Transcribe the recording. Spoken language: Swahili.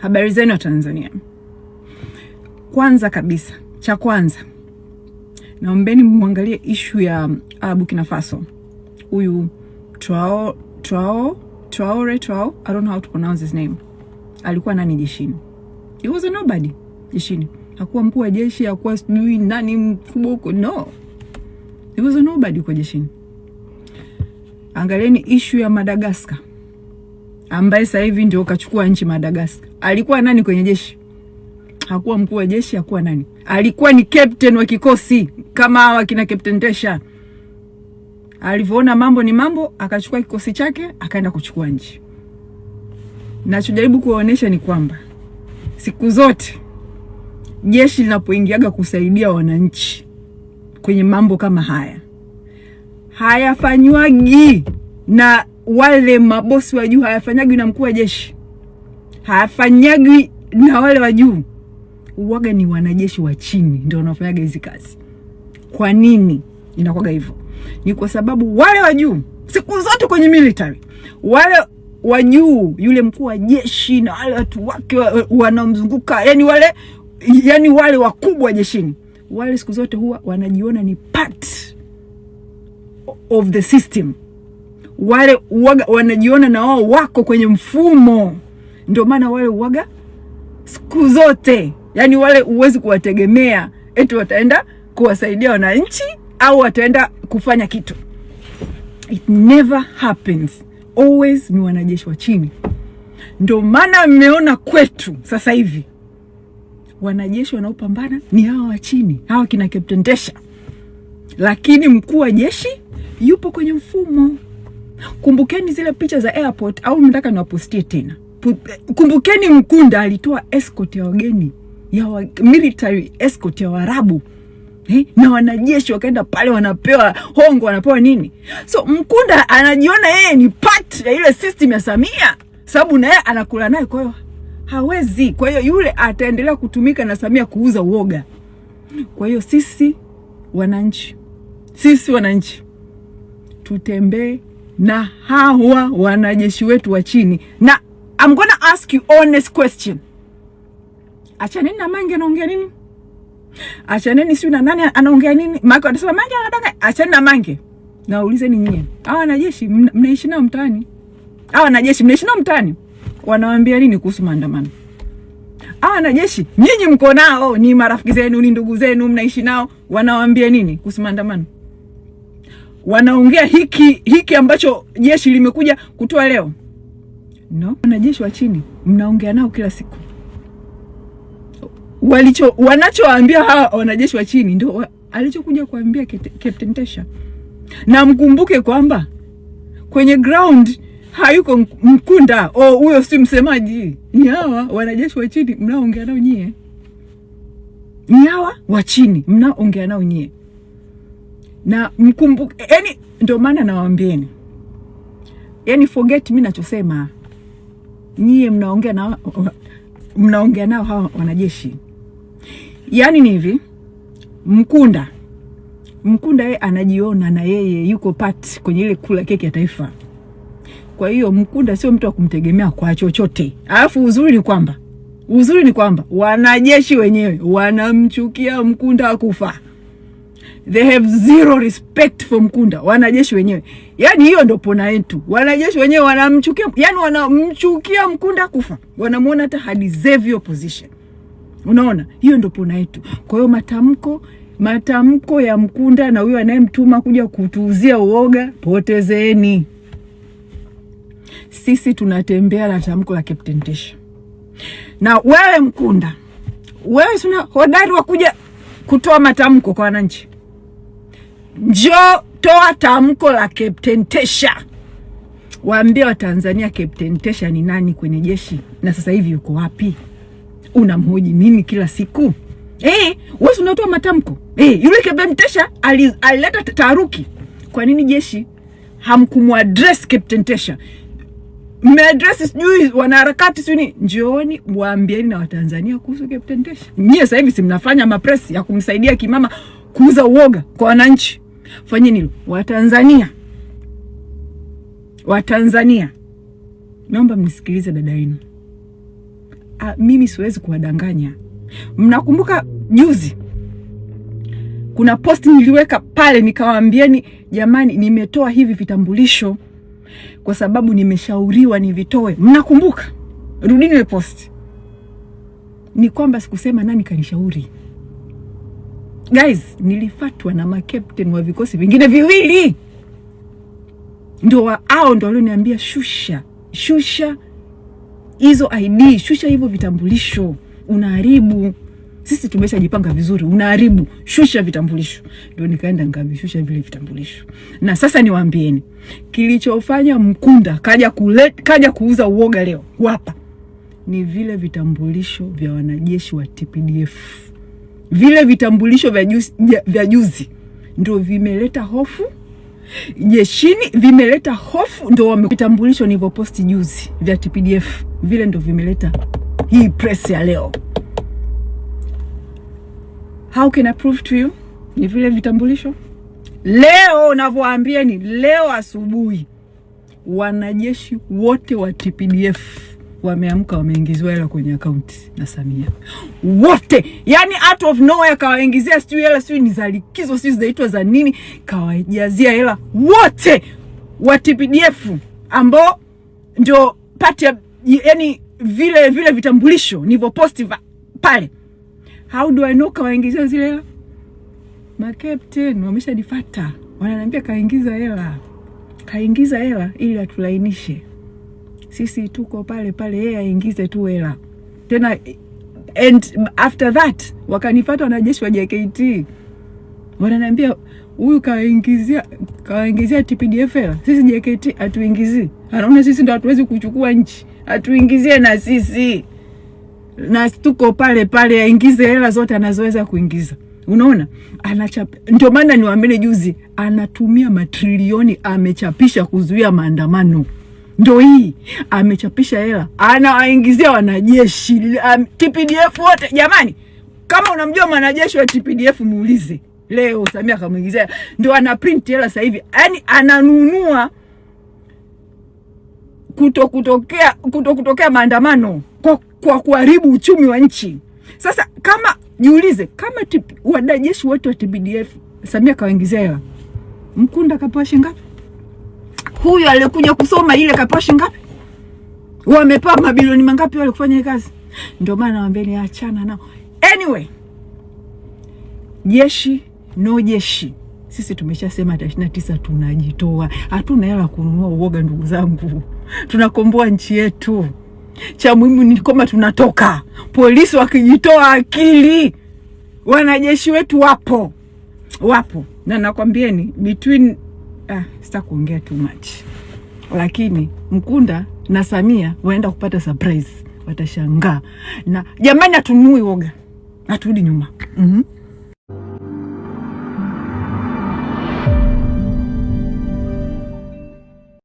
Habari zenu ya Tanzania. Kwanza kabisa, cha kwanza naombeni mwangalie ishu ya uh, Burkina Faso, huyu Traore, Traore, Traore, I don't know how to pronounce his name. Alikuwa nani jeshini? He was a nobody jeshini, hakuwa mkuu wa jeshi, hakuwa sijui nani mkubwa huko, no, he was a nobody kwa jeshini. Angalieni ishu ya Madagascar ambaye sasa hivi ndio kachukua nchi Madagascar. Alikuwa nani kwenye jeshi? Hakuwa mkuu wa jeshi, hakuwa nani, alikuwa ni captain wa kikosi kama hawa kina Captain Tesha. Alivyoona mambo ni mambo, akachukua kikosi chake akaenda kuchukua nchi. Nachojaribu kuwaonesha ni kwamba siku zote jeshi linapoingiaga kusaidia wananchi kwenye mambo kama haya hayafanywagi na wale mabosi wa juu hayafanyagwi na mkuu wa jeshi, hayafanyagwi na wale wa juu. Uwaga ni wanajeshi wa chini ndio wanaofanyaga hizi kazi. Kwa nini inakuwaga hivyo? Ni kwa sababu wale wa juu siku zote kwenye military, wale wa juu, yule mkuu wa jeshi na wale watu wake wanaomzunguka, yani wale, yani wale wakubwa jeshini, wale siku zote huwa wanajiona ni part of the system wale uwaga wanajiona na wao wako kwenye mfumo, ndio maana wale uwaga siku zote, yani wale huwezi kuwategemea eti wataenda kuwasaidia wananchi au wataenda kufanya kitu. It never happens. Always ni wanajeshi wa chini. Ndio maana mmeona kwetu sasa hivi wanajeshi wanaopambana ni hawa wa chini, hawa kina Captain lakini mkuu wa jeshi yupo kwenye mfumo. Kumbukeni zile picha za airport, au mnataka niwapostie tena? Kumbukeni Mkunda alitoa escort ya wageni ya wa, military escort ya Waarabu eh, na wanajeshi wakaenda pale, wanapewa hongo, wanapewa nini. So Mkunda anajiona yeye ni part ya ile system ya Samia, sababu na yeye anakula naye, kwa hiyo hawezi. Kwa hiyo yule ataendelea kutumika na Samia kuuza uoga. Kwa hiyo sisi wananchi, sisi wananchi tutembee na hawa wanajeshi wetu wa chini, na I'm gonna ask you honest question. Achaneni na Mange anaongea nini? Achaneni si na nani anaongea nini? Mako anasema Mange anadanga. Achaneni na Mange, naulizeni nyie, hawa wanajeshi mnaishi nao mtaani, hawa wanajeshi mnaishi nao mtaani, wanawaambia nini kuhusu maandamano? Hawa wanajeshi nyinyi mko nao, ni marafiki zenu, ni ndugu zenu, mnaishi nao, wanawaambia nini kuhusu maandamano? wanaongea hiki hiki ambacho jeshi limekuja kutoa leo? No, wanajeshi wa chini mnaongea nao kila siku walicho wanachoambia hawa wanajeshi wa chini ndio alichokuja kuambia Captain Tesha, na mkumbuke kwamba kwenye ground hayuko Mkunda o huyo si msemaji, ni hawa wanajeshi wa chini mnaongea nao nyie, ni hawa wa chini mnaongea nao nyie na mkumbuke, yani ndio maana nawaambieni, yani forget mi nachosema, nyie mnaongea na mnaongea nao hawa wanajeshi. Yani ni hivi, Mkunda Mkunda yeye anajiona na yeye yuko part kwenye ile kula keki ya taifa. Kwa hiyo Mkunda sio mtu wa kumtegemea kwa chochote. Alafu uzuri ni kwamba uzuri ni kwamba wanajeshi wenyewe wanamchukia Mkunda akufa. They have zero respect for Mkunda, wanajeshi wenyewe. Yani hiyo ndo pona yetu, wanajeshi wenyewe wanamchukia, yani wanamchukia Mkunda kufa, wanamuona hata hadeserve hiyo position. Unaona, hiyo ndo pona yetu. Kwa hiyo matamko matamko ya Mkunda na huyo anayemtuma kuja kutuuzia uoga, potezeni. Sisi tunatembea na tamko la Captain Tisha. Na wewe Mkunda, wewe sina hodari wa kuja kutoa matamko kwa wananchi njo toa tamko la Captain Tesha, waambie Watanzania Captain Tesha ni nani kwenye jeshi na sasa hivi yuko wapi? Unamhoji nini kila siku eh? Wewe unatoa matamko eh? Yule Captain Tesha alileta taharuki. Kwa nini jeshi hamkumwadress Captain Tesha? Mmeadresi sijui wanaharakati sijui, njooni waambieni na Watanzania kuhusu Captain Tesha. Nyie sasa hivi si mnafanya mapresi ya kumsaidia kimama kuuza uoga kwa wananchi fanye nini? Watanzania, Watanzania, naomba mnisikilize dada yenu. Ah, mimi siwezi kuwadanganya. Mnakumbuka juzi kuna posti niliweka pale nikawaambieni, jamani, nimetoa hivi vitambulisho kwa sababu nimeshauriwa nivitoe. Mnakumbuka? Rudini ile posti. Ni kwamba sikusema nani kanishauri. Guys, nilifatwa na makapteni wa vikosi vingine viwili, ndio ao ndio walioniambia shusha, shusha hizo ID, shusha hivyo vitambulisho, unaharibu sisi tumeshajipanga vizuri, unaharibu, shusha vitambulisho. Ndio nikaenda nikavishusha vile vitambulisho, na sasa niwaambieni kilichofanya Mkunda kaja kule, kaja kuuza uoga leo hapa ni vile vitambulisho vya wanajeshi wa TPDF vile vitambulisho vya juzi, vya juzi ndio vimeleta hofu jeshini, vimeleta hofu ndio wame vitambulisho nilivyoposti juzi vya TPDF vile ndio vimeleta hii press ya leo. How can I prove to you? Ni vile vitambulisho leo ni leo asubuhi wanajeshi wote wa TPDF wameamka wameingiziwa hela kwenye akaunti na Samia wote, yani out of nowhere kawaingizia sijui hela sijui ni za likizo sijui zinaitwa za nini, kawajazia hela wote wa TPDF ambao ndio pati ya yani vile vile vitambulisho nivyoposti pale. How do I know kawaingizia zile hela? Makapteni wameshadifata wananiambia kaingiza hela, kaingiza hela ili atulainishe sisi tuko pale pale, yeye aingize tu hela tena. And after that wakanifata wanajeshi wa JKT wananiambia huyu kawaingizia kawaingizia TPDF hela, sisi JKT hatuingizie, anaona sisi ndo hatuwezi kuchukua nchi, hatuingizie na sisi na tuko pale pale, aingize hela zote anazoweza kuingiza. Unaona, anachap Ndio maana niwaamini, juzi, anatumia matrilioni amechapisha kuzuia maandamano ndo hii amechapisha hela anawaingizia wanajeshi um, TPDF wote. Jamani, kama unamjua mwanajeshi wa TPDF muulize. Leo Samia akamwingizia, ndo ana print hela sasa hivi, yaani ananunua kuto kutokea kuto kutokea maandamano kwa, kwa kuharibu uchumi wa nchi. Sasa kama jiulize, kama wanajeshi wote wa TPDF Samia kawaingizia hela, Mkunda kapewa shilingi ngapi? huyu alikuja kusoma ile kapewa shilingi ngapi? Wamepewa mabilioni mangapi wale kufanya kazi? Ndio maana ni achana nao. Anyway, jeshi no jeshi sisi tumeshasema tarehe ishirini na tisa tunajitoa. Hatuna hela kununua uoga, ndugu zangu, tunakomboa nchi yetu. Cha muhimu ni kwamba tunatoka. Polisi wakijitoa akili, wanajeshi wetu wapo, wapo na nakwambieni between ah, sita kuongea too much, lakini Mkunda na Samia waenda kupata surprise, watashangaa. Na jamani, hatunui woga, haturudi nyuma. mm -hmm.